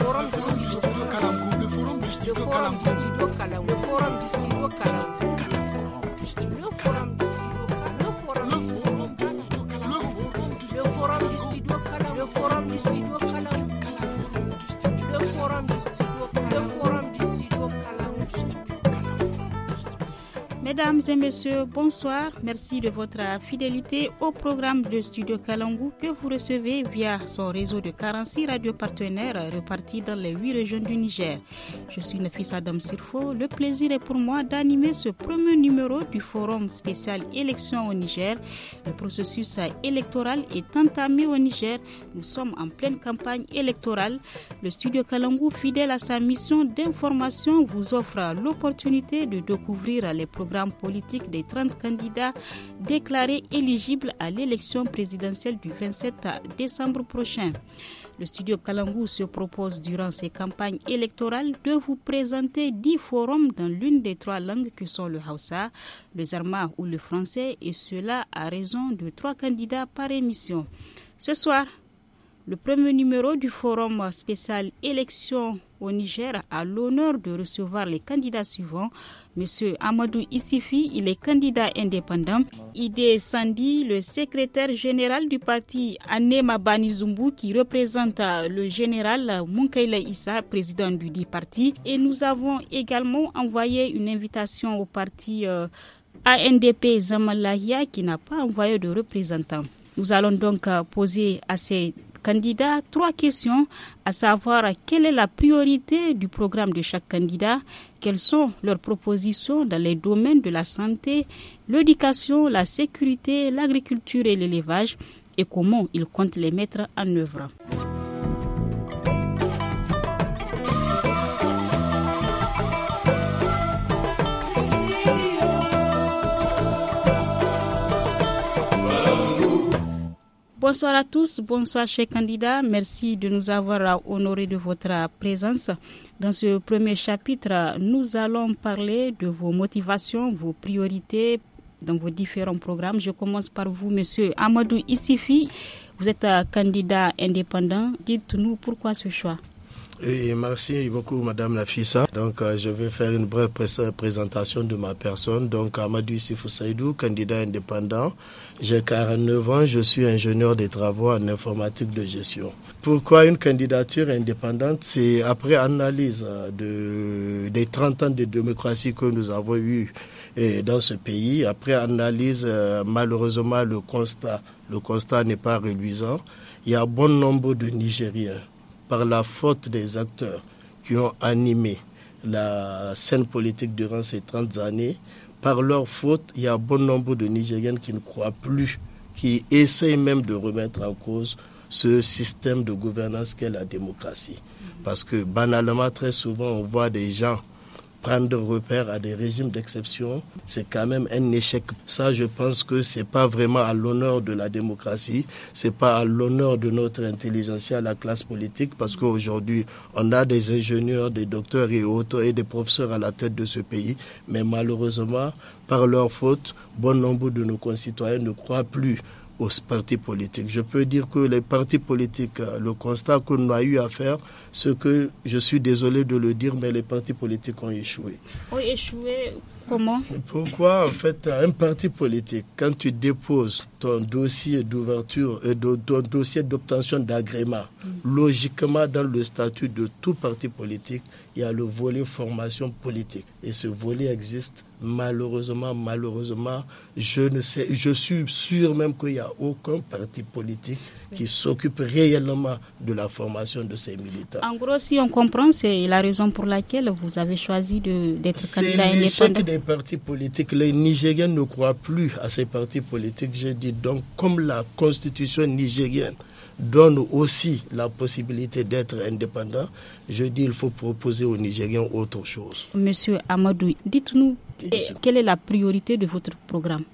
forum du studio kalangu le forum du le forum forum Mesdames et messieurs, bonsoir. Merci de votre fidélité au programme de Studio Kalangou que vous recevez via son réseau de 46 radios partenaires repartis dans les 8 régions du Niger. Je suis Nafis Adam Sirfo. Le plaisir est pour moi d'animer ce premier numéro du forum spécial élections au Niger. Le processus électoral est entamé au Niger. Nous sommes en pleine campagne électorale. Le Studio Kalangou, fidèle à sa mission d'information, vous offre l'opportunité de découvrir les programmes politique des 30 candidats déclarés éligibles à l'élection présidentielle du 27 décembre prochain. Le studio Kalangou se propose durant ses campagnes électorales de vous présenter 10 forums dans l'une des trois langues que sont le Hausa, le Zarma ou le français et cela à raison de trois candidats par émission. Ce soir, le premier numéro du forum spécial élection au Niger a l'honneur de recevoir les candidats suivants. Monsieur Amadou Issifi, il est candidat indépendant. Idé Sandi, le secrétaire général du parti Anema Bani Zumbu, qui représente euh, le général Munkaila Issa, président du dit parti. Et nous avons également envoyé une invitation au parti euh, ANDP Zamalahia, qui n'a pas envoyé de représentant. Nous allons donc euh, poser à ces candidat trois questions, à savoir quelle est la priorité du programme de chaque candidat, quelles sont leurs propositions dans les domaines de la santé, l'éducation, la sécurité, l'agriculture et l'élevage, et comment ils comptent les mettre en œuvre. Bonsoir à tous, bonsoir chers candidats. Merci de nous avoir honorés de votre présence. Dans ce premier chapitre, nous allons parler de vos motivations, vos priorités dans vos différents programmes. Je commence par vous, monsieur Amadou Issifi. Vous êtes candidat indépendant. Dites-nous pourquoi ce choix merci beaucoup, Madame Lafissa. Donc, euh, je vais faire une brève présentation de ma personne. Donc, Amadou Sifousaïdou, candidat indépendant. J'ai 49 ans, je suis ingénieur des travaux en informatique de gestion. Pourquoi une candidature indépendante C'est après analyse euh, de, des 30 ans de démocratie que nous avons eu dans ce pays. Après analyse, euh, malheureusement, le constat, le constat n'est pas reluisant. Il y a bon nombre de Nigériens par la faute des acteurs qui ont animé la scène politique durant ces 30 années, par leur faute, il y a bon nombre de Nigériens qui ne croient plus, qui essayent même de remettre en cause ce système de gouvernance qu'est la démocratie. Parce que banalement, très souvent, on voit des gens prendre repère à des régimes d'exception, c'est quand même un échec. Ça, je pense que c'est pas vraiment à l'honneur de la démocratie, c'est pas à l'honneur de notre intelligence la classe politique, parce qu'aujourd'hui, on a des ingénieurs, des docteurs et autres, et des professeurs à la tête de ce pays, mais malheureusement, par leur faute, bon nombre de nos concitoyens ne croient plus aux partis politiques. Je peux dire que les partis politiques, euh, le constat qu'on a eu à faire, ce que je suis désolé de le dire, mais les partis politiques ont échoué. Ont échoué pourquoi, en fait, un parti politique, quand tu déposes ton dossier d'ouverture, et euh, ton dossier d'obtention d'agrément, mm. logiquement, dans le statut de tout parti politique, il y a le volet formation politique. Et ce volet existe malheureusement, malheureusement. Je ne sais, je suis sûr même qu'il n'y a aucun parti politique qui s'occupe réellement de la formation de ces militants. En gros, si on comprend, c'est la raison pour laquelle vous avez choisi d'être candidat indépendant. C'est l'échec des partis politiques. Les Nigériens ne croient plus à ces partis politiques. Je dis donc, comme la constitution nigérienne donne aussi la possibilité d'être indépendant, je dis il faut proposer aux Nigériens autre chose. Monsieur Amadou, dites-nous eh, quelle est la priorité de votre programme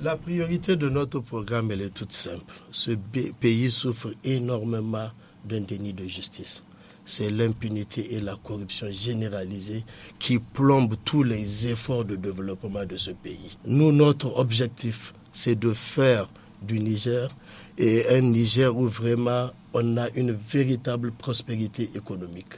la priorité de notre programme, elle est toute simple. Ce pays souffre énormément d'un déni de justice. C'est l'impunité et la corruption généralisée qui plombent tous les efforts de développement de ce pays. Nous, notre objectif, c'est de faire du Niger et un Niger où vraiment on a une véritable prospérité économique.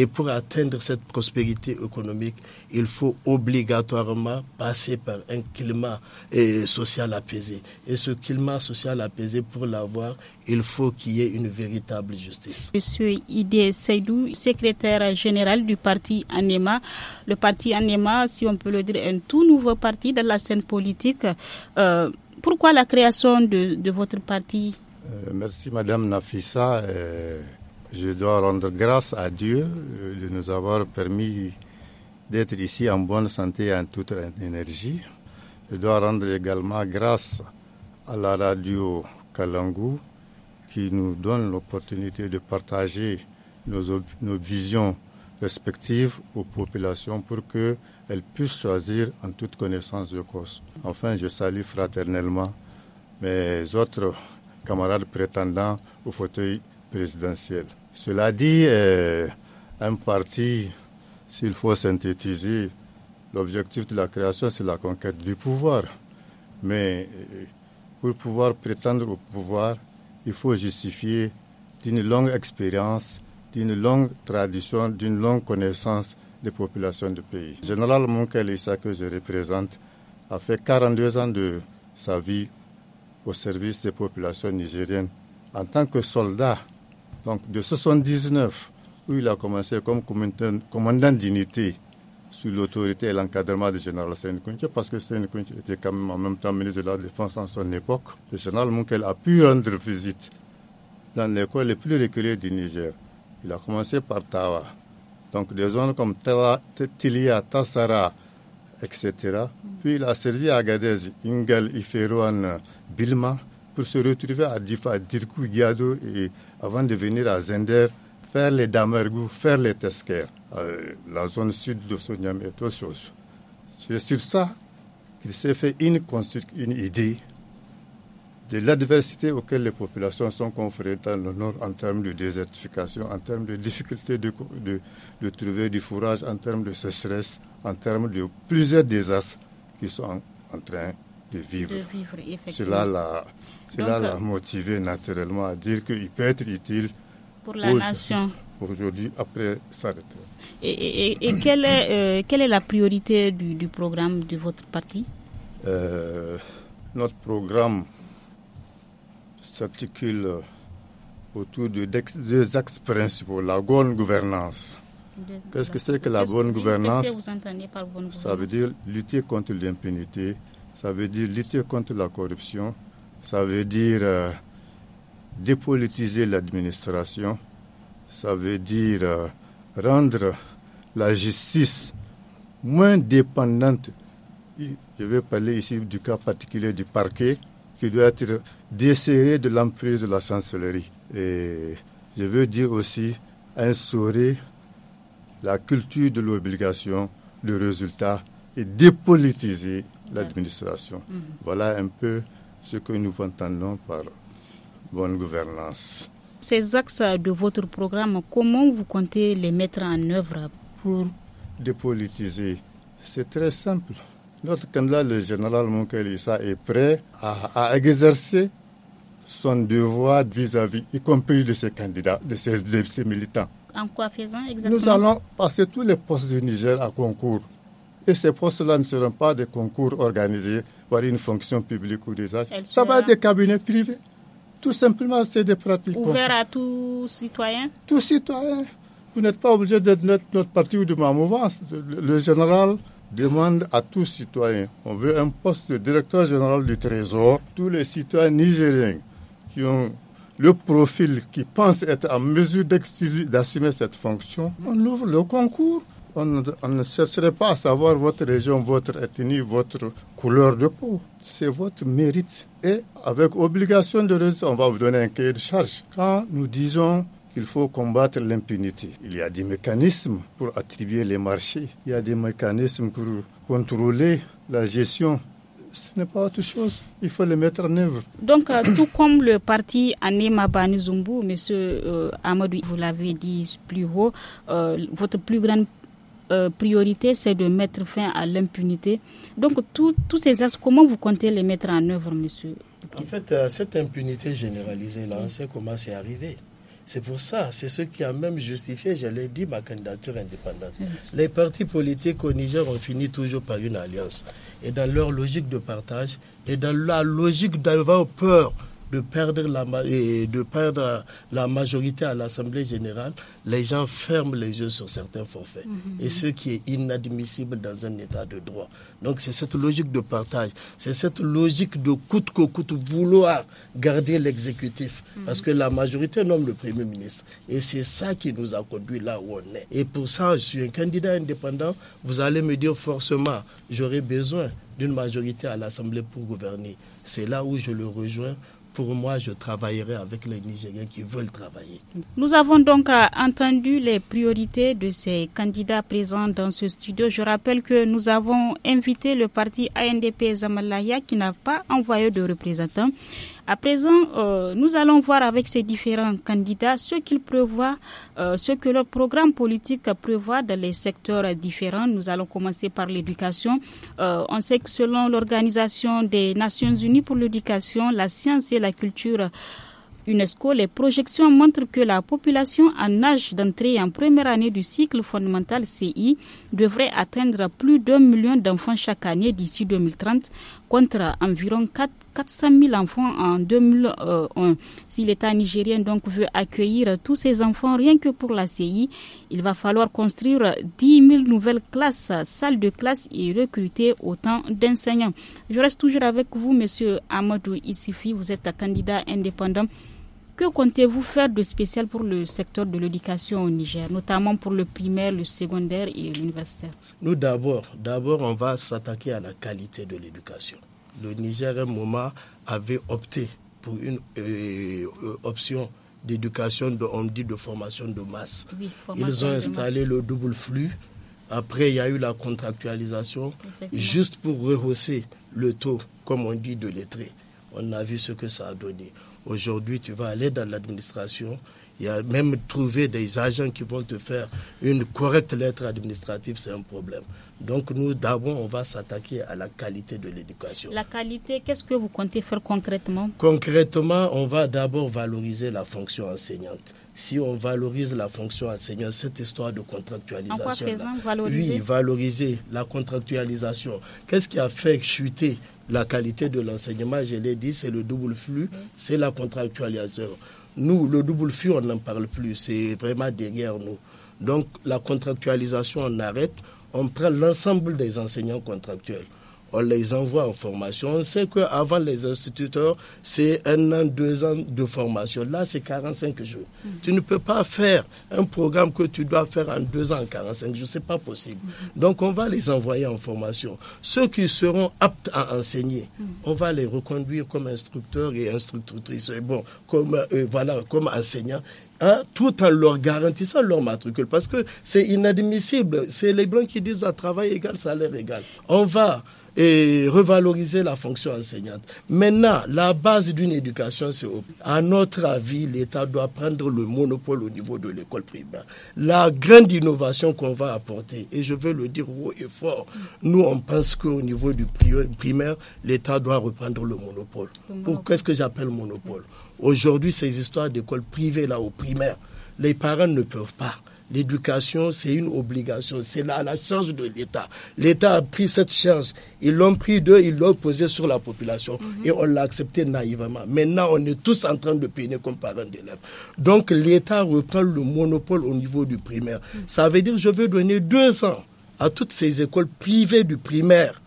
Et pour atteindre cette prospérité économique, il faut obligatoirement passer par un climat eh, social apaisé. Et ce climat social apaisé, pour l'avoir, il faut qu'il y ait une véritable justice. Monsieur Idé Seydou, secrétaire général du parti ANEMA. Le parti ANEMA, si on peut le dire, est un tout nouveau parti dans la scène politique. Euh, pourquoi la création de, votre parti euh, Merci Madame Nafissa. Euh, je dois rendre grâce à Dieu euh, de nous avoir permis d'être ici en bonne santé et en toute énergie. Je dois rendre également grâce à la radio Kalangou qui nous donne l'opportunité de partager nos, nos, visions respectives aux populations pour qu'elles puissent choisir en toute connaissance de cause. Enfin, je salue fraternellement mes autres camarades prétendants au fauteuil présidentielle. Cela dit, euh, un parti, s'il faut synthétiser, l'objectif de la création, c'est la conquête du pouvoir. Mais euh, pour pouvoir prétendre au pouvoir, il faut justifier d'une longue expérience, d'une longue tradition, d'une longue connaissance des populations du pays. Général Monkel que je représente, a fait 42 ans de sa vie au service des populations nigériennes en tant que soldat donc de 79, où il a commencé comme commandant d'unité sous l'autorité et l'encadrement du général Kounche parce que Kounche était quand même en même temps ministre de la Défense en son époque, le général Munkel a pu rendre visite dans les coins les plus reculés du Niger. Il a commencé par Tawa. Donc des zones comme Tilia, Tassara, etc. Puis il a servi à Gadez, Ingel, Iferouane, Bilma pour se retrouver à Difa, Dirkou, et avant de venir à Zender, faire les Damergou, faire les Tesker, euh, la zone sud de Soniam et autre chose. C'est sur ça qu'il s'est fait une, une idée de l'adversité auxquelles les populations sont confrontées dans le nord en termes de désertification, en termes de difficulté de, trouver du fourrage, en termes de sécheresse, en termes de plusieurs désastres qui sont en, train de vivre. Cela l'a cela euh, l'a motivé naturellement à dire qu'il peut être utile pour la nation aujourd'hui après sa retraite. Et, et, quelle, est, euh, quelle, est, la priorité du, programme de votre parti euh, Notre programme s'articule autour de deux axes principaux. La bonne gouvernance. Qu'est-ce que c'est que la bonne gouvernance bonne gouvernance Ça veut dire lutter contre l'impunité, ça veut dire lutter contre la corruption, ça veut dire euh, dépolitiser l'administration. Ça veut dire euh, rendre la justice moins dépendante. Je vais parler ici du cas particulier du parquet qui doit être desserré de l'emprise de la chancellerie. Et je veux dire aussi instaurer la culture de l'obligation, le résultat et dépolitiser l'administration. Mm-hmm. Voilà un peu ce que nous entendons par bonne gouvernance. Ces axes de votre programme, comment vous comptez les mettre en œuvre Pour dépolitiser, c'est très simple. Notre candidat, le général Moukelissa, est prêt à, exercer son devoir vis-à-vis, y compris de ses candidats, de ses, militants. En quoi faisant exactement Nous allons passer tous les postes du Niger à concours. Et ces postes-là ne seront pas des concours organisés par une fonction publique ou des agents. Ça va être des cabinets privés. Tout simplement, c'est des pratiques. Ouvert à tout citoyen Tout citoyen. Vous n'êtes pas obligé d'être notre, parti ou de ma mouvance. Le, général demande à tout citoyen. On veut un poste de directeur général du Trésor. Tous les citoyens nigériens qui ont le profil, qui pensent être en mesure d'assumer cette fonction, on ouvre le concours on, ne chercherait pas à savoir votre région, votre ethnie, votre couleur de peau. C'est votre mérite. Et avec obligation de raison, on va vous donner un cahier de charge. Quand nous disons qu'il faut combattre l'impunité, il y a des mécanismes pour attribuer les marchés. Il y a des mécanismes pour contrôler la gestion ce n'est pas autre chose. Il faut les mettre en œuvre. Donc, euh, tout comme le parti Anema Banizumbu, M. Euh, vous l'avez dit plus haut, euh, votre plus grande euh, priorité, c'est de mettre fin à l'impunité. Donc, tous ces axes, comment vous comptez les mettre en œuvre, monsieur En fait, euh, cette impunité généralisée, là, on sait comment c'est arrivé. C'est pour ça, c'est ce qui a même justifié, je l'ai dit, ma candidature indépendante. Les partis politiques au Niger ont fini toujours par une alliance. Et dans leur logique de partage, et dans la logique d'avoir peur de perdre la, de perdre la majorité à l'Assemblée générale, les gens ferment les yeux sur certains forfaits. Mhm, mhm. Et ce qui est inadmissible dans un état de droit. Donc c'est cette logique de partage, c'est cette logique de coûte que coûte vouloir garder l'exécutif. Mhm. Parce que la majorité nomme le Premier ministre. Et c'est ça qui nous a conduit là où on est. Et pour ça, je suis un candidat indépendant. Vous allez me dire forcément, j'aurai besoin d'une majorité à l'Assemblée pour gouverner. C'est là où je le rejoins pour moi, je travaillerai avec les Nigériens qui veulent travailler. Nous avons donc euh, entendu les priorités de ces candidats présents dans ce studio. Je rappelle que nous avons invité le parti ANDP Zamalaya qui n'a pas envoyé de représentants. À présent, euh, nous allons voir avec ces différents candidats ce qu'ils prévoient, euh, ce que leur programme politique prévoit dans les secteurs différents. Nous allons commencer par l'éducation. Euh, on sait que selon l'Organisation des Nations Unies pour l'éducation, la science et la culture, UNESCO, les projections montrent que la population en âge d'entrée en première année du cycle fondamental CI devrait atteindre plus d'un million d'enfants chaque année d'ici 2030 contre environ 4, 400 000 enfants en 2001. Euh, si l'État nigérien donc veut accueillir tous ces enfants rien que pour la CI, il va falloir construire 10 000 nouvelles classes, salles de classe et recruter autant d'enseignants. Je reste toujours avec vous, Monsieur Amadou Issifi. Vous êtes un candidat indépendant que comptez-vous faire de spécial pour le secteur de l'éducation au Niger, notamment pour le primaire, le secondaire et l'universitaire Nous d'abord, d'abord on va s'attaquer à la qualité de l'éducation. Le Niger, à un moment, avait opté pour une euh, euh, option d'éducation, on dit de formation de masse. Ils ont installé le double flux. Après, il y a eu la contractualisation, juste pour rehausser le taux, comme on dit, de lettrés. On a vu ce que ça a donné. Aujourd'hui, tu vas aller dans l'administration. Il y a même trouver des agents qui vont te faire une correcte lettre administrative, c'est un problème. Donc nous, d'abord, on va s'attaquer à la qualité de l'éducation. La qualité, qu'est-ce que vous comptez faire concrètement Concrètement, on va d'abord valoriser la fonction enseignante. Si on valorise la fonction enseignante, cette histoire de contractualisation. En quoi valoriser Oui, valoriser la contractualisation. Qu'est-ce qui a fait chuter la qualité de l'enseignement, je l'ai dit, c'est le double flux, c'est la contractualisation. Nous, le double flux, on n'en parle plus, c'est vraiment derrière nous. Donc la contractualisation, on arrête, on prend l'ensemble des enseignants contractuels on les envoie en formation. On sait qu'avant, les instituteurs, c'est un an, deux ans de formation. Là, c'est 45 jours. Mm. Tu ne peux pas faire un programme que tu dois faire en deux ans, 45 jours. n'est pas possible. Mm. Donc, on va les envoyer en formation. Ceux qui seront aptes à enseigner, mm. on va les reconduire comme instructeurs et instructrices. Et bon, comme, euh, comme enseignants. Hein, tout en leur garantissant leur matricule. Parce que c'est inadmissible. C'est les Blancs qui disent à travail égal, salaire égal. On va et revaloriser la fonction enseignante. Maintenant, la base d'une éducation, c'est à notre avis, l'État doit prendre le monopole au niveau de l'école primaire. La grande innovation qu'on va apporter, et je veux le dire haut et fort, nous on pense qu'au niveau du primaire, l'État doit reprendre le monopole. Pour qu'est-ce que j'appelle monopole Aujourd'hui, ces histoires d'école privées là au primaire, les parents ne peuvent pas. L'éducation, c'est une obligation, c'est la, la charge de l'État. L'État a pris cette charge, ils l'ont pris d'eux, ils l'ont posé sur la population mhm. et on l'a accepté naïvement. Maintenant, on est tous en train de peiner comme parents d'élèves. Donc, l'État reprend le monopole au niveau du primaire. Mhm. Ça veut dire, je veux donner deux ans à toutes ces écoles privées du primaire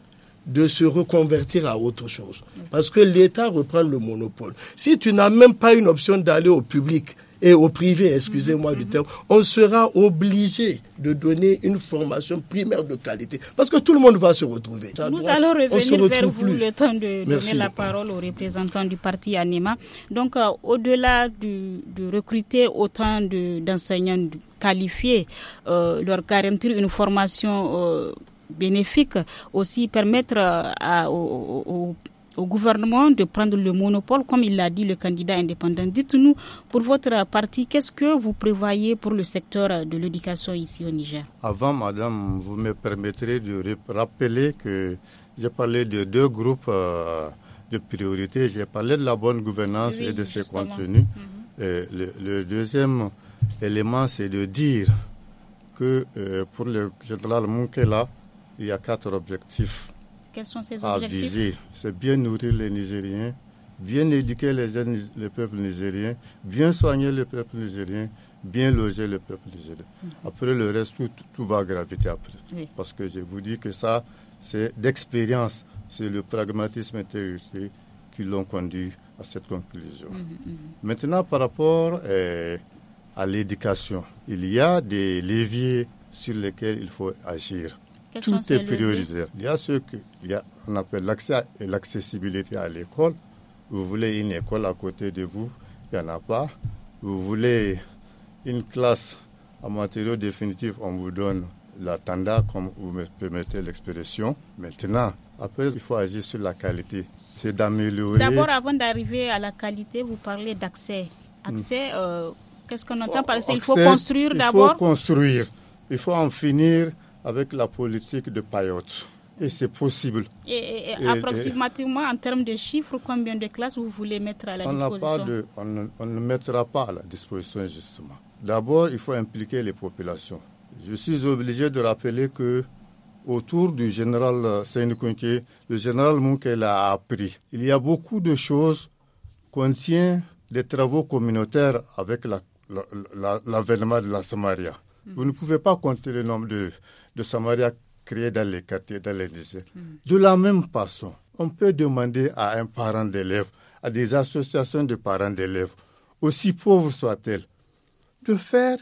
de se reconvertir à autre chose. Parce que l'État reprend le monopole. Si tu n'as même pas une option d'aller au public, et au privé, excusez-moi du terme, on sera obligé de donner une formation primaire de qualité. Parce que tout le monde va se retrouver. Nous allons revenir vers vous le temps de donner la parole aux représentants du parti ANIMA. Donc, euh, au-delà de, recruter autant d'enseignants qualifiés, euh, leur garantir une formation euh, bénéfique, aussi permettre à, aux, aux, au gouvernement de prendre le monopole, comme il l'a dit le candidat indépendant. Dites-nous, pour votre parti, qu'est-ce que vous prévoyez pour le secteur de l'éducation ici au Niger Avant, madame, vous me permettrez de rappeler que j'ai parlé de deux groupes euh, de priorité. J'ai parlé de la bonne gouvernance et de ses contenus. Mhm. le, deuxième élément, c'est de dire que euh, pour le général Moukela, il y a quatre objectifs sont C'est bien nourrir les Nigériens, bien éduquer les jeunes, le peuple nigérien, bien soigner le peuple nigérien, bien loger le peuple nigérien. Mhm. Après le reste, tout, va graviter après. Parce que je vous dis que ça, c'est d'expérience, c'est le pragmatisme intégré qui l'ont conduit à cette conclusion. Mhm, mhm. Maintenant, par rapport eh, à l'éducation, il y a des leviers sur lesquels il faut agir tout est priorisé. Il y a ce qu'on appelle l'accès et l'accessibilité à l'école. Vous voulez une école à côté de vous, il n'y en a pas. Vous voulez une classe en matériaux définitifs, on vous donne la tanda, comme vous me permettez l'expression. Maintenant, après, il faut agir sur la qualité. C'est d'améliorer. D'abord, avant d'arriver à la qualité, vous parlez d'accès. Accès, euh, qu'est-ce qu'on entend par ça Il faut construire d'abord. Il faut construire. Il faut en finir avec la politique de Payotte. Et c'est possible. Et, approximativement, en termes de chiffres, combien de classes vous voulez mettre à la on disposition on, ne, mettra pas à la disposition, justement. D'abord, il faut impliquer les populations. Je suis obligé de rappeler que autour du général Seyne le général Munkel a appris. Il y a beaucoup de choses qu'on tient des travaux communautaires avec l'avènement de la Samaria. Hmm. Vous ne pouvez pas compter le nombre de, de Samaria créée dans les quartiers, dans les lycées. Mm. De la même façon, on peut demander à un parent d'élève, à des associations de parents d'élèves, aussi pauvres soient-elles, de faire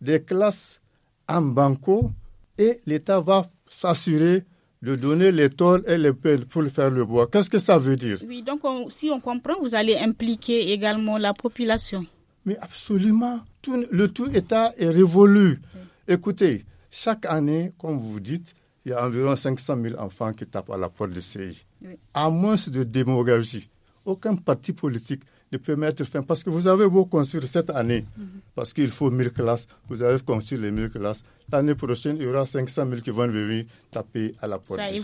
des classes en banco et l'État va s'assurer de donner les tôles et les pelles pour faire le bois. Qu'est-ce que ça veut dire Oui, donc si on comprend, vous allez impliquer également la population. Mais absolument, tout, le tout État est révolu. Écoutez, chaque année, comme vous dites, il y a environ 500 000 enfants qui tapent à la porte du CI. À moins de démographie, aucun parti politique ne peut mettre fin. Parce que vous avez beau construire cette année, mhm. parce qu'il faut 1000 classes, vous avez construit les 1000 classes. L'année prochaine, il y aura 500 000 qui vont venir taper à la porte. du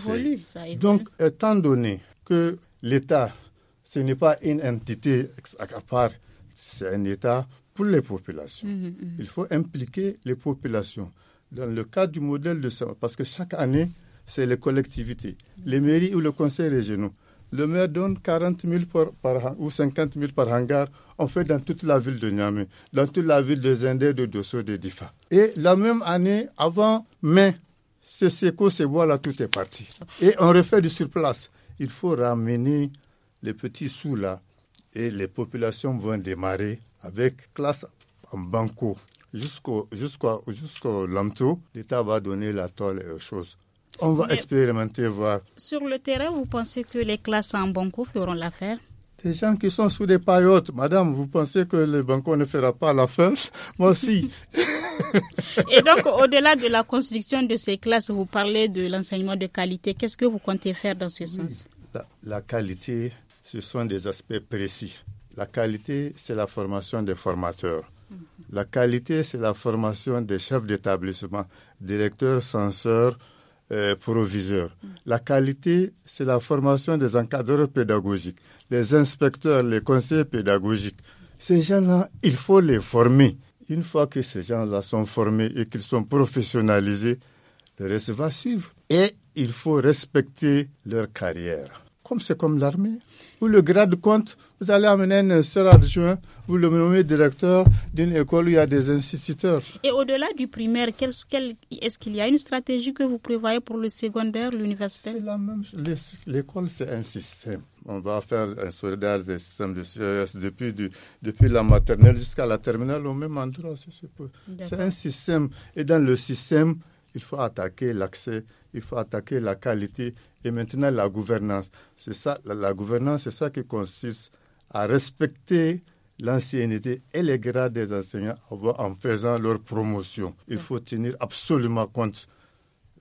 ça évolue. Donc, étant donné que l'État, ce n'est pas une entité à part, c'est un État pour les populations. Mhm, mhm. Il faut impliquer les populations dans le cadre du modèle de ça, parce que chaque année, c'est les collectivités, les mairies ou le conseil régional. Le maire donne 40 000 par, ou 50 000 par hangar. On fait dans toute la ville de Niamey, dans toute la ville de Zender, de Dosso, de Difa. Et la même année, avant mai, c'est Seco, c'est là, tout est parti. Et on refait du surplace. Il faut ramener les petits sous là et les populations vont démarrer avec classe en banco jusqu'au jusqu'au l'État va donner la tolle chose On va expérimenter, voir. Sur le terrain, vous pensez que les classes en banco feront l'affaire des gens qui sont sous des paillotes. Madame, vous pensez que le banco ne fera pas l'affaire Moi, aussi. Et donc, au-delà de la construction de ces classes, vous parlez de l'enseignement de qualité. Qu'est-ce que vous comptez faire dans ce sens la qualité, ce sont des aspects précis. La qualité, c'est la formation des formateurs. La qualité, c'est la formation des chefs d'établissement, directeurs, censeurs, euh, proviseurs. La qualité, c'est la formation des encadreurs pédagogiques, les inspecteurs, les conseillers pédagogiques. Ces gens-là, il faut les former. Une fois que ces gens-là sont formés et qu'ils sont professionnalisés, le reste va suivre. Et il faut respecter leur carrière comme c'est comme l'armée, où le grade compte, vous allez amener un sœur adjoint, vous le nommez directeur d'une école où il y a des instituteurs. Et au-delà du primaire, est-ce qu'il y a une stratégie que vous prévoyez pour le secondaire, l'université C'est la même L'école, c'est un système. On va faire un solidaire des de e depuis, depuis la maternelle jusqu'à la terminale au même endroit. C'est un système. Et dans le système, il faut attaquer l'accès, il faut attaquer la qualité et maintenant la gouvernance. C'est ça, la, gouvernance, c'est ça qui consiste à respecter l'ancienneté et les grades des enseignants en faisant leur promotion. Il faut tenir absolument compte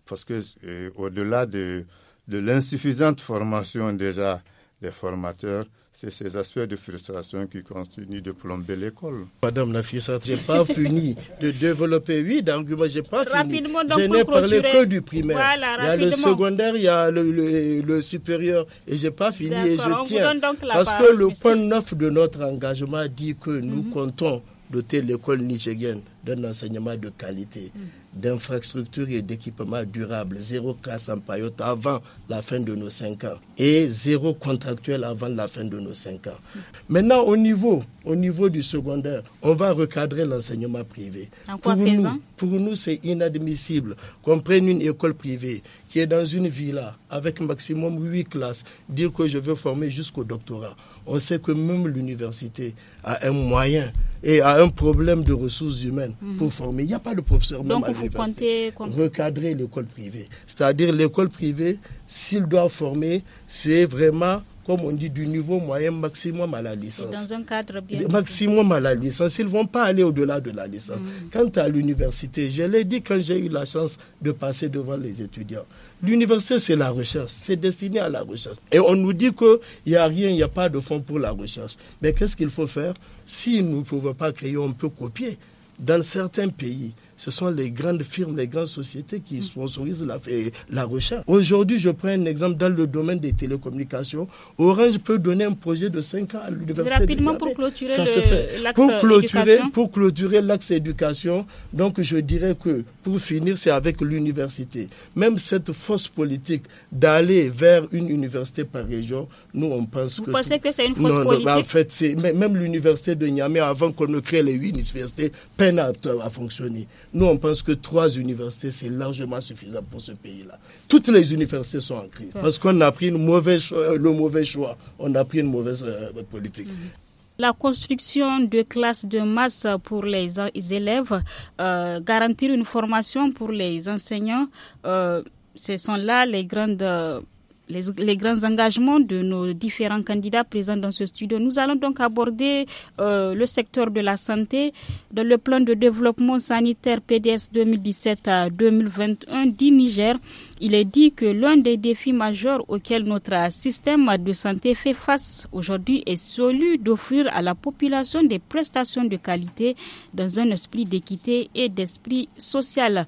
parce que euh, au-delà de, de l'insuffisante formation déjà des formateurs, c'est ces aspects de frustration qui continuent de plomber l'école. Madame la fille, je n'ai pas fini de développer, oui, arguments, je n'ai pas fini. je n'ai parlé que du primaire. il y a le secondaire, il y a le, supérieur, et je n'ai pas fini, et je tiens. Parce que le point neuf de notre engagement dit que nous mhm. comptons doter l'école nigérienne d'un enseignement de qualité. Mhm d'infrastructures et d'équipements durables, zéro casse en paillote avant la fin de nos cinq ans et zéro contractuel avant la fin de nos cinq ans. Maintenant, au niveau, au niveau du secondaire, on va recadrer l'enseignement privé. pour, nous, pour nous, c'est inadmissible qu'on prenne une école privée qui est dans une villa avec maximum huit classes, dire que je veux former jusqu'au doctorat. On sait que même l'université a un moyen et a un problème de ressources humaines mhm. pour former. Il n'y a pas de professeur vous Recadrer l'école privée. C'est-à-dire l'école privée, s'il doit former, c'est vraiment comme on dit, du niveau moyen maximum à la licence. Dans un cadre bien maximum à la licence. Ils ne vont pas aller au-delà de la licence. Mm. Quant à l'université, je l'ai dit quand j'ai eu la chance de passer devant les étudiants. L'université, c'est la recherche. C'est destiné à la recherche. Et on nous dit qu'il n'y a rien, il n'y a pas de fonds pour la recherche. Mais qu'est-ce qu'il faut faire Si nous ne pouvons pas créer, on peut copier. Dans certains pays, ce sont les grandes firmes, les grandes sociétés qui sponsorisent la, la recherche. Aujourd'hui, je prends un exemple dans le domaine des télécommunications. Orange peut donner un projet de 5 ans à l'université. Rapidement pour clôturer Ça Pour clôturer, pour clôturer l'axe éducation, donc je dirais que pour finir, c'est avec l'université. Même cette fausse politique d'aller vers une université par région, nous on pense que. Vous pensez que c'est une fausse politique Non, en fait, même l'université de Niamey, avant qu'on ne crée les huit universités, peine à, à fonctionner. Nous, on pense que trois universités, c'est largement suffisant pour ce pays-là. Toutes les universités sont en crise parce qu'on a pris une mauvaise euh, le mauvais choix, on a pris une mauvaise euh, politique. Mhm. la construction de classes de masse pour les élèves, euh, garantir une formation pour les enseignants, ce sont là les grandes les, grands engagements de nos différents candidats présents dans ce studio. Nous allons donc aborder euh, le secteur de la santé dans le plan de développement sanitaire PDS 2017 à 2021 du Niger. Il est dit que l'un des défis majeurs auxquels notre système de santé fait face aujourd'hui est celui d'offrir à la population des prestations de qualité dans un esprit d'équité et d'esprit social.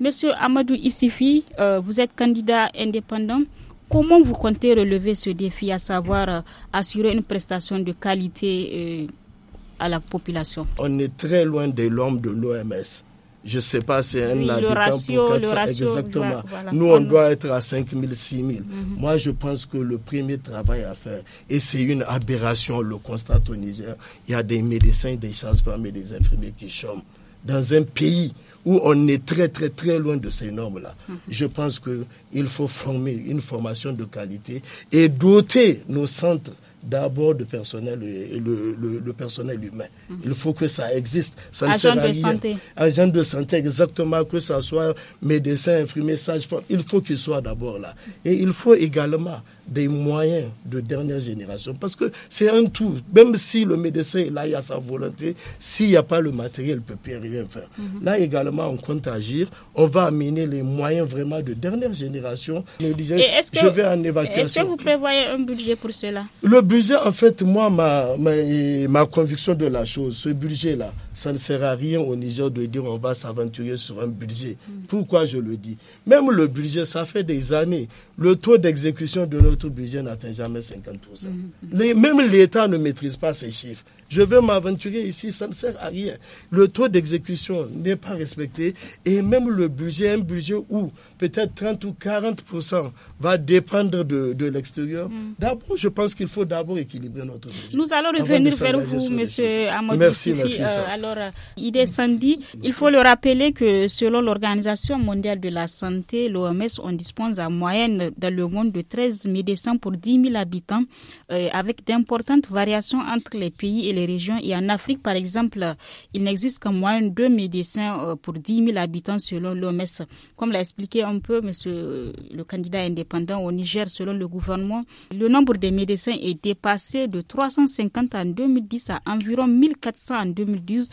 Monsieur Amadou Issifi, euh, vous êtes candidat indépendant. Comment vous comptez relever ce défi, à savoir euh, assurer une prestation de qualité euh, à la population On est très loin de l'homme de l'OMS. Je ne sais pas, c'est un habitant pour 400, exactement. Nous, on doit être à 5 000, 6 000. Moi, je pense que le premier travail à faire, et c'est une aberration, le constat au Niger, il y a des médecins, des chasse femmes des infirmiers qui chôment. Dans un pays où on est très très très loin de ces normes-là. Mhm. Je pense qu'il faut former une formation de qualité et doter nos centres d'abord de personnel, le, le, personnel humain. Mhm. Il faut que ça existe. Agent de santé. Agent de santé, exactement, que ce soit médecin, infirmier, sage-femme, il faut qu'il soit d'abord là. Mhm. Et il faut également des moyens de dernière génération. Parce que c'est un tout. Même si le médecin là, il a sa volonté, s'il n'y a pas le matériel, il ne peut plus rien faire. Mhm. Là également, on compte agir. On va amener les moyens vraiment de dernière génération. je vais en évacuation. Est-ce que vous prévoyez un budget pour cela Le budget, en fait, moi, ma, ma, conviction de la chose, ce budget-là, ça ne sert à rien au Niger de dire on va s'aventurer sur un budget. Mhm. Pourquoi je le dis Même le budget, ça fait des années. Le taux d'exécution de nos tout budget n'atteint jamais 50%. Mm-hmm. Même l'État ne maîtrise pas ces chiffres. Je veux m'aventurer ici, ça ne sert à rien. Le taux d'exécution n'est pas respecté et même le budget, un budget où peut-être 30 ou 40 va dépendre de, de l'extérieur. Hmm. D'abord, je pense qu'il faut d'abord équilibrer notre budget. Nous allons revenir vers vous, monsieur Amadou. Merci, ma euh, alors, est euh, samedi. il faut le rappeler que selon l'Organisation mondiale de la santé, l'OMS, on dispose en moyenne dans le monde de 13 médecins pour 10 000 habitants, euh, avec d'importantes variations entre les pays et les régions. Et en Afrique, par exemple, il n'existe qu'en moyenne deux médecins euh, pour 10 000 habitants selon l'OMS. Comme l'a expliqué un peu monsieur, le candidat indépendant au Niger, selon le gouvernement, le nombre de médecins est dépassé de 350 en 2010 à environ 1400 en 2012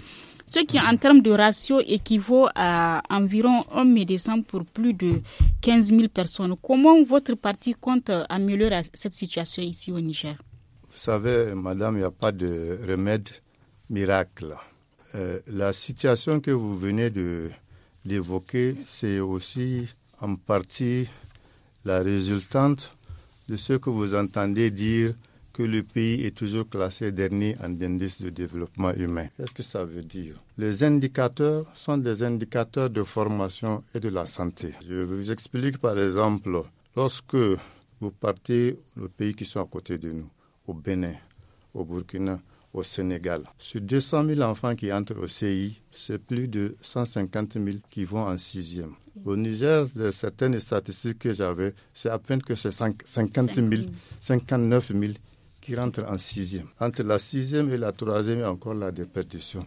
ce qui en termes de ratio équivaut à environ un médecin pour plus de 15 000 personnes. Comment votre parti compte améliorer cette situation ici au Niger vous savez, madame, il n'y a pas de remède miracle. Euh, la situation que vous venez de d'évoquer, c'est aussi en partie la résultante de ce que vous entendez dire que le pays est toujours classé dernier en indice de développement humain. Qu'est-ce que ça veut dire Les indicateurs sont des indicateurs de formation et de la santé. Je vous explique par exemple, lorsque vous partez le pays qui sont à côté de nous, au Bénin, au Burkina, au Sénégal. Sur 200 000 enfants qui entrent au CI, c'est plus de 150 000 qui vont en sixième. Au Niger, de certaines statistiques que j'avais, c'est à peine que c'est 50 000, 59 000 qui rentrent en sixième. Entre la sixième et la troisième, il y a encore la déperdition.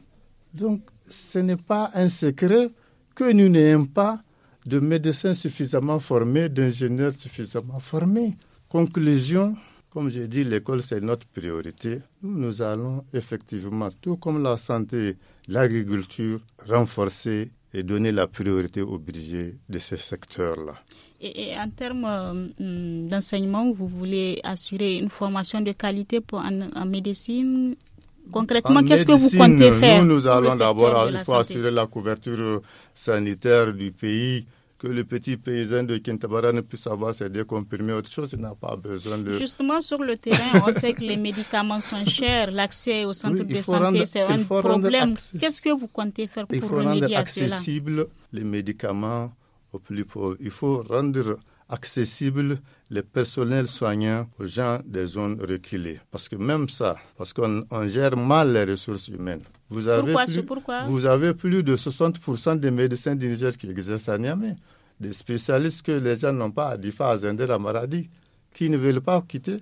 Donc, ce n'est pas un secret que nous n'ayons pas de médecins suffisamment formés, d'ingénieurs suffisamment formés. Conclusion, comme j'ai dit, l'école, c'est notre priorité. Nous, allons effectivement, tout comme la santé, l'agriculture, renforcer et donner la priorité aux budget de ces secteurs-là. Et, en termes euh, d'enseignement, vous voulez assurer une formation de qualité pour, en, médecine Concrètement, qu'est-ce que vous comptez faire Nous, nous allons d'abord assurer la couverture sanitaire du pays que le petit paysan de Kintabara ne puisse avoir ses deux comprimés, autre chose, il n'a pas besoin de... Justement, sur le terrain, on sait que les médicaments sont chers, l'accès au centre de santé, c'est un problème. Qu'est-ce que vous comptez faire pour remédier à cela Il faut rendre accessibles les médicaments aux plus pauvres. Il faut rendre accessibles les personnels soignants aux gens des zones reculées. Parce que même ça, parce qu'on gère mal les ressources humaines. Vous avez, plus, vous avez plus de 60% des médecins du qui exercent à Niamey, des spécialistes que les gens n'ont pas à diffuser à Zender, la maladie qui ne veulent pas quitter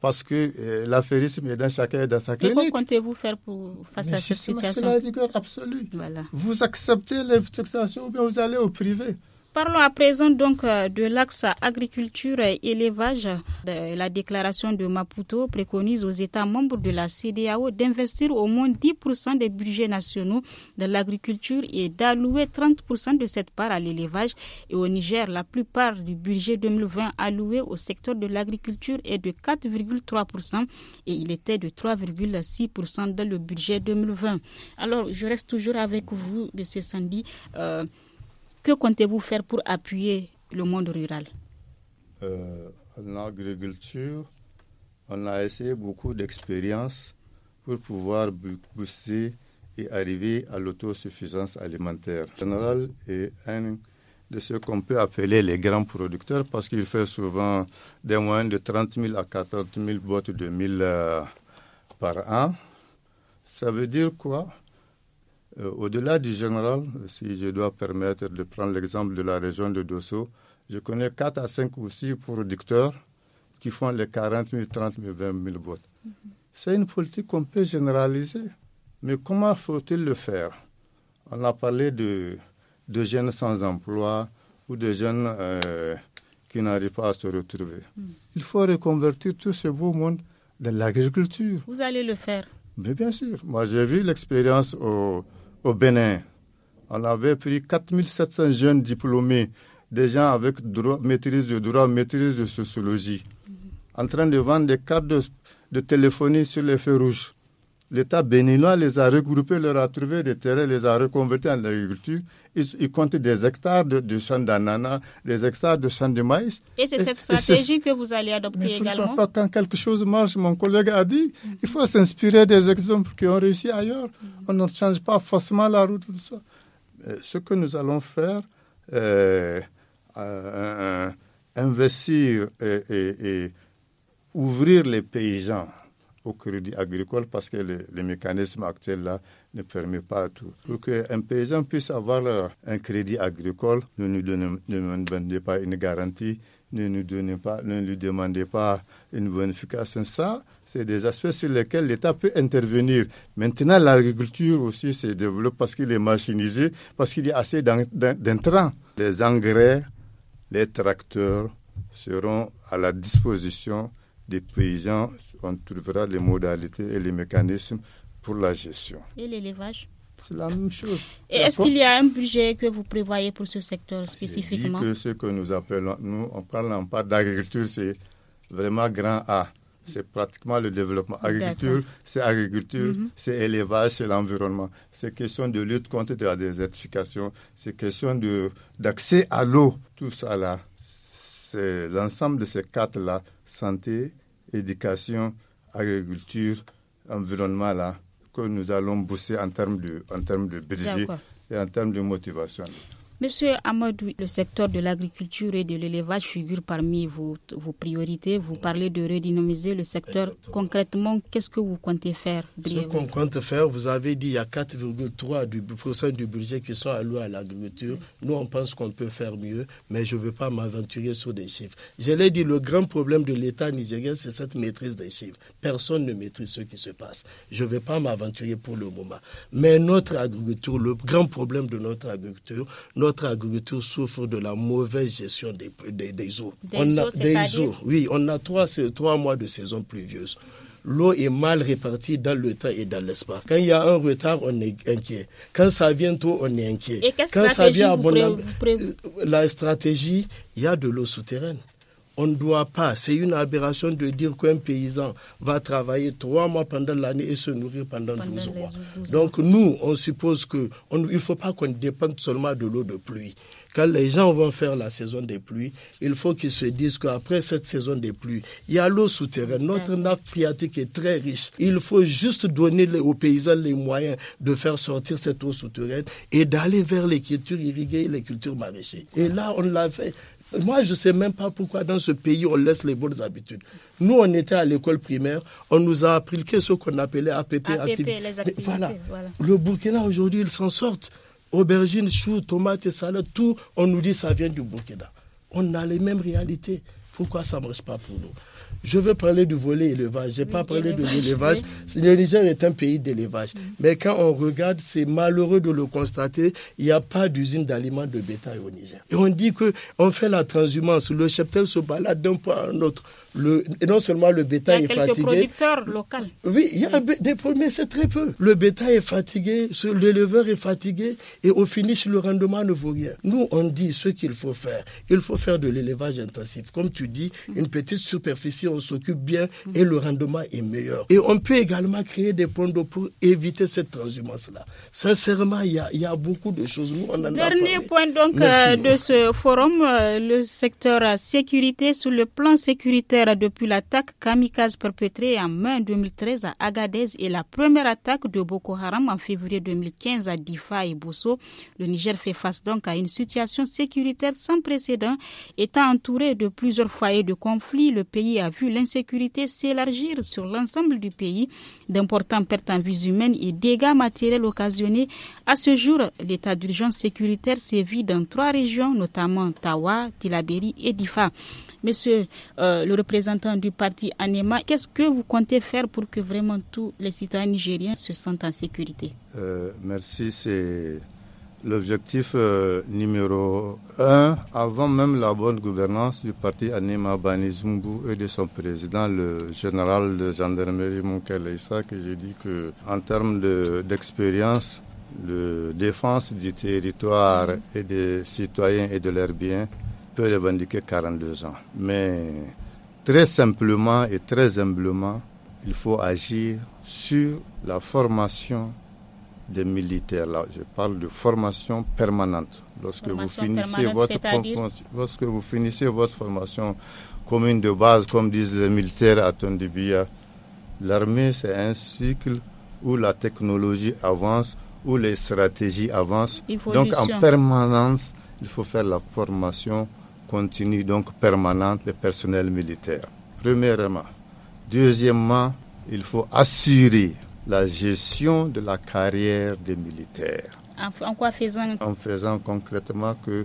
parce que euh, l'affairisme est dans chacun dans sa clinique. Et que comptez-vous faire pour, face à cette situation C'est la rigueur absolue. Vous acceptez les ou bien vous allez au privé. Parlons à présent donc euh, de l'axe agriculture et élevage. Euh, la déclaration de Maputo préconise aux États membres de la CDAO d'investir au moins 10% des budgets nationaux dans l'agriculture et d'allouer 30% de cette part à l'élevage. Et au Niger, la plupart du budget 2020 alloué au secteur de l'agriculture est de 4,3% et il était de 3,6% dans le budget 2020. Alors, je reste toujours avec vous, M. Sandy. Euh, que comptez-vous faire pour appuyer le monde rural euh, En agriculture, on a essayé beaucoup d'expériences pour pouvoir booster et arriver à l'autosuffisance alimentaire. En général, est un de ceux qu'on peut appeler les grands producteurs parce qu'il fait souvent des moyens de 30 000 à 40 000 boîtes de mille euh, par an. Ça veut dire quoi euh, au-delà du général, si je dois permettre de prendre l'exemple de la région de Dosso, je connais 4 à 5 ou 6 producteurs qui font les 40 000, 30 000, 20 000 boîtes. C'est une politique qu'on peut généraliser. Mais comment faut-il le faire On a parlé de, de, jeunes sans emploi ou de jeunes euh, qui n'arrivent pas à se retrouver. Mhm. Il faut reconvertir tout ce beau monde de l'agriculture. Vous allez le faire. Mais bien sûr. Moi, j'ai vu l'expérience au, au Bénin. On avait pris 4700 jeunes diplômés, des gens avec droit, maîtrise de droit, maîtrise de sociologie, en train de vendre des cartes de téléphonie sur les feux rouges l'État béninois les a regroupés, leur a trouvé des terrains, les a reconvertis en agriculture. Ils, ils des hectares de, de champs d'ananas, des hectares de champs de maïs. Et c'est cette stratégie que vous allez adopter également Quand quelque chose marche, mon collègue a dit, il faut s'inspirer des exemples qui ont réussi ailleurs. Mm. On ne change pas forcément la route. de ce que nous allons faire, euh, euh, investir et ouvrir les paysans au crédit agricole parce que le, mécanismes mécanisme actuel là ne permet pas tout. Pour qu'un paysan puisse avoir euh, un crédit agricole, ne nous demandez pas une garantie, ne nous donnez pas, ne lui demandez pas une bonification. Ça, c'est des aspects sur lesquels l'État peut intervenir. Maintenant, l'agriculture aussi se développe parce qu'il est machinisé, parce qu'il y a assez d'intrants. Les engrais, les tracteurs seront à la disposition des paysans, on trouvera les modalités et les mécanismes pour la gestion. Et l'élevage c'est la même chose. Et est-ce qu'il y a un budget que vous prévoyez pour ce secteur spécifiquement dit que ce que nous appelons, nous, on parle en pas d'agriculture, c'est vraiment grand A. C'est pratiquement le développement. Agriculture, c'est agriculture, mhm. c'est élevage, c'est l'environnement. C'est question de lutte contre la désertification, c'est question d'accès à l'eau. Tout ça là, c'est l'ensemble de ces quatre là santé, éducation, agriculture, environnement là, que nous allons bosser en termes de, en termes de budget et en termes de motivation. Monsieur Amadou, le secteur de l'agriculture et de l'élevage figure parmi vos, priorités. Vous parlez de redynamiser le secteur. Concrètement, qu'est-ce que vous comptez faire Ce qu'on compte faire, vous avez dit il y a 4,3% du budget qui sont alloués à l'agriculture. Mm. Nous, on pense qu'on peut faire mieux, mais je ne veux pas m'aventurer sur des chiffres. Je l'ai dit, le grand problème de l'État nigérien, c'est cette maîtrise des chiffres. Personne ne maîtrise ce qui se passe. Je ne vais pas m'aventurer pour le moment. Mais notre agriculture, le grand problème de notre agriculture, notre notre agriculture souffre de la mauvaise gestion des, des, eaux. on a, Oui, on a trois, trois mois de saison pluvieuse l'eau est mal répartie dans le temps et dans l'espace. Quand il y a un retard, on est inquiet. Quand ça vient tôt, on est inquiet. Quand ça vient abondamment, euh, la stratégie, il y a de l'eau souterraine. On ne doit pas, c'est une aberration de dire qu'un paysan va travailler trois mois pendant l'année et se nourrir pendant, douze 12 mois. Donc nous, on suppose qu'il ne faut pas qu'on dépende seulement de l'eau de pluie quand les gens vont faire la saison des pluies, il faut qu'ils se disent qu'après cette saison des pluies, il y a l'eau souterraine. Notre nappe phréatique est très riche. Il faut juste donner aux paysans les moyens de faire sortir cette eau souterraine et d'aller vers les cultures irriguées et les cultures maraîchères. Et là, on l'a fait. Moi, je ne sais même pas pourquoi dans ce pays, on laisse les bonnes habitudes. Nous, on était à l'école primaire, on nous a appliqué ce qu'on appelait APP, APP Voilà. Le Burkina, aujourd'hui, ils s'en sortent. Aubergine, choux, tomates et salades, tout, on nous dit ça vient du Burkina. On a les mêmes réalités. Pourquoi ça ne marche pas pour nous je veux parler du volet élevage. Je n'ai pas parlé de l'élevage. Le Niger est un pays d'élevage. Mm. Mais quand on regarde, c'est malheureux de le constater, il n'y a pas d'usine d'aliments de bétail au Niger. Et on dit qu'on fait la transhumance. Le cheptel se balade d'un point à un autre non seulement le bétail il y a est producteurs locaux. Oui, il y a des problèmes, c'est très peu. Le bétail est fatigué, l'éleveur est fatigué, et au finish, le rendement ne vaut rien. Nous, on dit ce qu'il faut faire. Il faut faire de l'élevage intensif. Comme tu dis, une petite superficie, on s'occupe bien et le rendement est meilleur. Et on peut également créer des ponts d'eau pour éviter cette transhumance-là. Sincèrement, il y, a, beaucoup de choses. Nous, on Dernier point donc euh, de ce forum, euh, le secteur sécurité, sur le plan sécuritaire depuis l'attaque kamikaze perpétrée en mai 2013 à Agadez et la première attaque de Boko Haram en février 2015 à Difa et Bosso, le Niger fait face donc à une situation sécuritaire sans précédent. Étant entouré de plusieurs foyers de conflit, le pays a vu l'insécurité s'élargir sur l'ensemble du pays. D'importantes pertes en vies humaines et dégâts matériels occasionnés. À ce jour, l'état d'urgence sécuritaire sévit dans trois régions, notamment Tawa, Tilaberi et Difa. Monsieur euh, le du parti Anima, Qu'est-ce que vous comptez faire pour que vraiment tous les citoyens nigériens se sentent en sécurité euh, Merci, c'est l'objectif euh, numéro un, avant même la bonne gouvernance du parti Anima Bani Zumbu et de son président, le général de gendarmerie Moukeleïsa, que j'ai dit que en termes d'expérience, de, défense du territoire et des citoyens et de leurs biens, peut revendiquer 42 ans. Mais Très simplement et très humblement, il faut agir sur la formation des militaires. Là, je parle de formation permanente. Lorsque, vous, finissez votre lorsque vous finissez votre formation commune de base, comme disent les militaires à début, l'armée, c'est un cycle où la technologie avance, où les stratégies avancent. Donc, en permanence, il faut faire la formation continue donc permanente le personnels militaires. Premièrement. Deuxièmement, il faut assurer la gestion de la carrière des militaires. En, quoi faisant En faisant concrètement que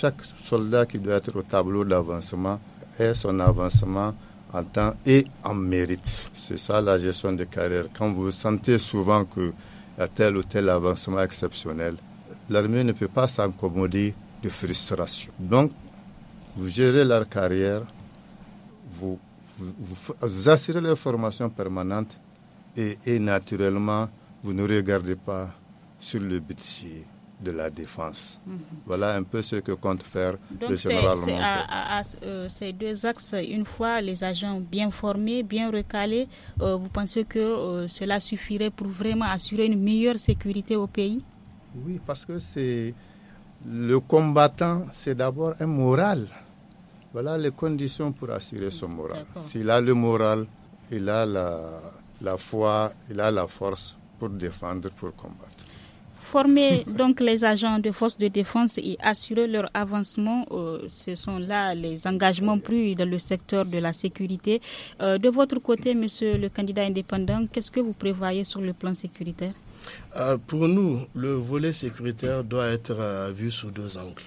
chaque soldat qui doit être au tableau d'avancement ait son avancement en temps et en mérite. C'est ça la gestion de carrière. Quand vous sentez souvent qu'il y a tel ou tel avancement exceptionnel, l'armée ne peut pas s'accommoder de frustration. Donc, vous gérez leur carrière, vous, vous, assurez leur formation permanente et, naturellement, vous ne regardez pas sur le budget de la défense. Mhm. Voilà un peu ce que compte faire le général À, euh, ces deux axes, une fois les agents bien formés, bien recalés, euh, vous pensez que euh, cela suffirait pour vraiment assurer une meilleure sécurité au pays Oui, parce que c'est le combattant, c'est d'abord un moral. Voilà les conditions pour assurer son moral. S'il a le moral, il a la, foi, il a la force pour défendre, pour combattre former donc les agents de force de défense et assurer leur avancement, euh, ce sont là les engagements pris dans le secteur de la sécurité. Euh, de votre côté, monsieur le candidat indépendant, qu'est-ce que vous prévoyez sur le plan sécuritaire euh, Pour nous, le volet sécuritaire doit être vu sous deux angles.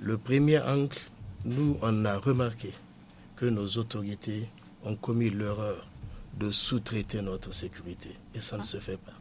Le premier angle, nous, on a remarqué que nos autorités ont commis l'erreur de sous-traiter notre sécurité. Et ça ne se fait pas.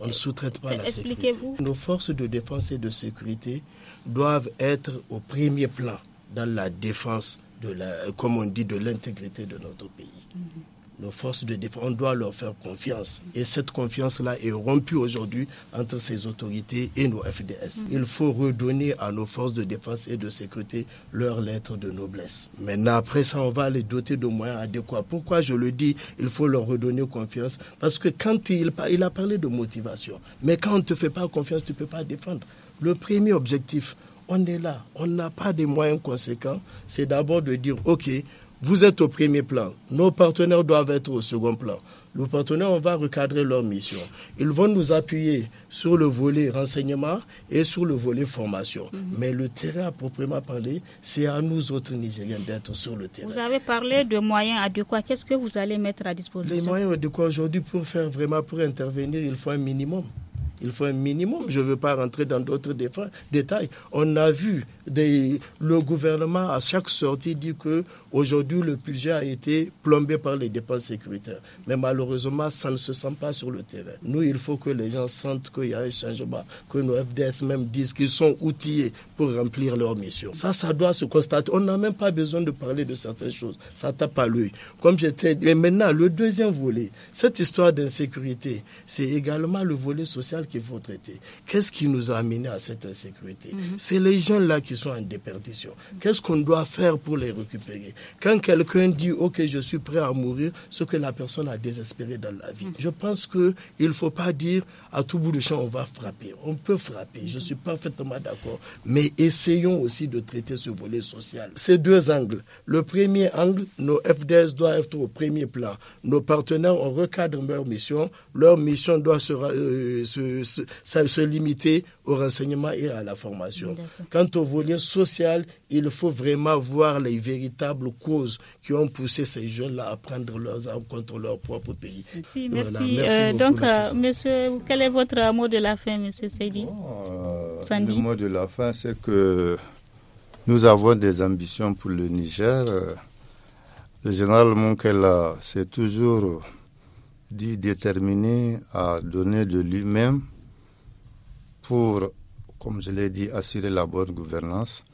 On ne sous-traite pas la sécurité. Nos forces de défense et de sécurité doivent être au premier plan dans la défense, de la, comme on dit, de l'intégrité de notre pays. Mhm nos forces de défense, on doit leur faire confiance. Et cette confiance-là est rompue aujourd'hui entre ces autorités et nos FDS. Mm. Il faut redonner à nos forces de défense et de sécurité leur lettre de noblesse. Maintenant, après ça, on va les doter de moyens adéquats. Pourquoi je le dis Il faut leur redonner confiance. Parce que quand il, a parlé de motivation, mais quand on ne te fait pas confiance, tu ne peux pas défendre. Le premier objectif, on est là, on n'a pas des moyens conséquents, c'est d'abord de dire, OK, vous êtes au premier plan. Nos partenaires doivent être au second plan. Nos partenaires, on va recadrer leur mission. Ils vont nous appuyer sur le volet renseignement et sur le volet formation. Mhm. Mais le terrain, à proprement parler, c'est à nous autres Nigériens d'être sur le terrain. Vous avez parlé de moyens adéquats. Qu'est-ce que vous allez mettre à disposition Les moyens adéquats aujourd'hui, pour faire vraiment, pour intervenir, il faut un minimum. Il faut un minimum. Je ne veux pas rentrer dans d'autres détails. On a vu le gouvernement à chaque sortie dit que aujourd'hui le budget a été plombé par les dépenses sécuritaires. Mais malheureusement, ça ne se sent pas sur le terrain. Nous, il faut que les gens sentent qu'il y a un changement, que nos FDS même disent qu'ils sont outillés pour remplir leur mission. Ça, ça doit se constater. On n'a même pas besoin de parler de certaines choses. Ça tape à l'œil. Comme j'étais. Et maintenant, le deuxième volet, cette histoire d'insécurité, c'est également le volet social qu'il faut traiter. Qu'est-ce qui nous a amené à cette insécurité mhm. C'est les gens-là qui sont en déperdition. Qu'est-ce qu'on doit faire pour les récupérer Quand quelqu'un dit OK, je suis prêt à mourir, ce que la personne a désespéré dans la vie. Mhm. Je pense qu'il ne faut pas dire à tout bout de champ, on va frapper. On peut frapper, je suis parfaitement d'accord. Mais essayons aussi de traiter ce volet social. Ces deux angles. Le premier angle, nos FDS doivent être au premier plan. Nos partenaires, ont recadre leur mission. Leur mission doit se, euh, se se, se, limiter au renseignement et à la formation. Quant au volet social, il faut vraiment voir les véritables causes qui ont poussé ces jeunes-là à prendre leurs armes contre leur propre pays. Merci, euh, donc, euh, monsieur, quel est votre mot de la fin, monsieur Seydi ah, Le mot de la fin, c'est que nous avons des ambitions pour le Niger. Euh, le général Monkela, c'est toujours dit déterminé à donner de lui-même pour, comme je l'ai dit, assurer la bonne gouvernance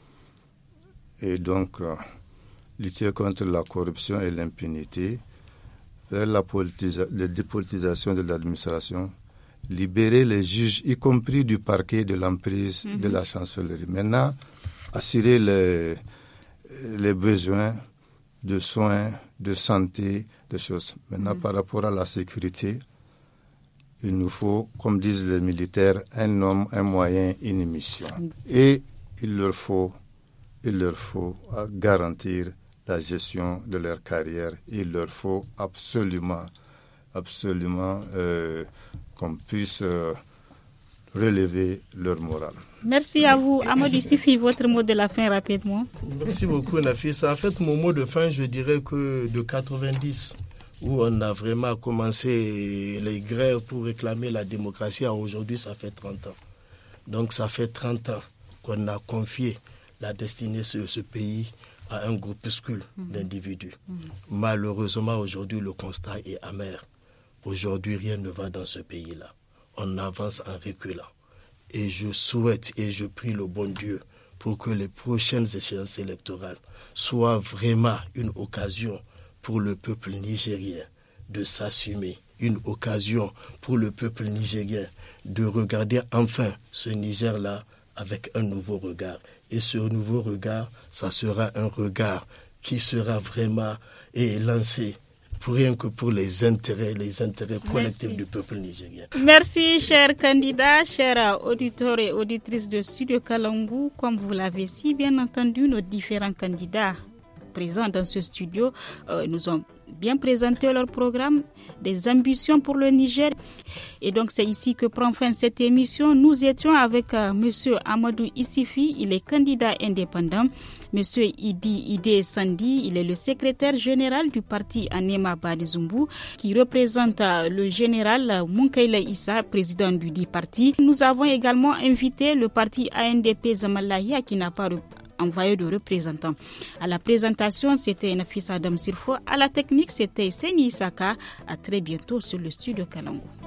et donc euh, lutter contre la corruption et l'impunité, faire la, la dépolitisation de l'administration, libérer les juges, y compris du parquet de l'emprise mhm. de la chancellerie. Maintenant, assurer les besoins de soins, de santé, Maintenant, par rapport à la sécurité, il nous faut, comme disent les militaires, un homme, un moyen, une mission. Et il leur faut, il leur faut garantir la gestion de leur carrière. Il leur faut absolument, absolument euh, qu'on puisse euh, relever leur morale. Merci à vous. Amadou Sifi, votre mot de la fin rapidement. Merci beaucoup, Nafisa. En fait, mon mot de fin, je dirais que de 90, où on a vraiment commencé les grèves pour réclamer la démocratie, à aujourd'hui, ça fait 30 ans. Donc, ça fait 30 ans qu'on a confié la destinée de ce pays à un groupuscule mhm. d'individus. Mhm. Malheureusement, aujourd'hui, le constat est amer. Aujourd'hui, rien ne va dans ce pays-là. On avance en reculant. Et je souhaite et je prie le bon Dieu pour que les prochaines échéances électorales soient vraiment une occasion pour le peuple nigérien de s'assumer, une occasion pour le peuple nigérien de regarder enfin ce Niger-là avec un nouveau regard. Et ce nouveau regard, ça sera un regard qui sera vraiment élancé. Eh, lancé pour rien que pour les intérêts, les intérêts collectifs du peuple nigérien. Merci, chers candidats, chers auditeurs et auditrices de Studio Kalangu Comme vous l'avez si bien entendu, nos différents candidats présents dans ce studio euh, nous ont bien présenté leur programme, des ambitions pour le Niger. Et donc c'est ici que prend fin cette émission. Nous étions avec M. Euh, Monsieur Amadou Issifi, il est candidat indépendant. M. Idi Ide Sandi, il est le secrétaire général du parti Anema Badizumbu, qui représente euh, le général Munkaila Issa, président du dit parti. Nous avons également invité le parti ANDP Zamalaya qui n'a pas envoyé de représentants. À la présentation, c'était Nafis Adam Sirfo. À la technique, c'était Seni Isaka. À très bientôt sur le studio Kalango.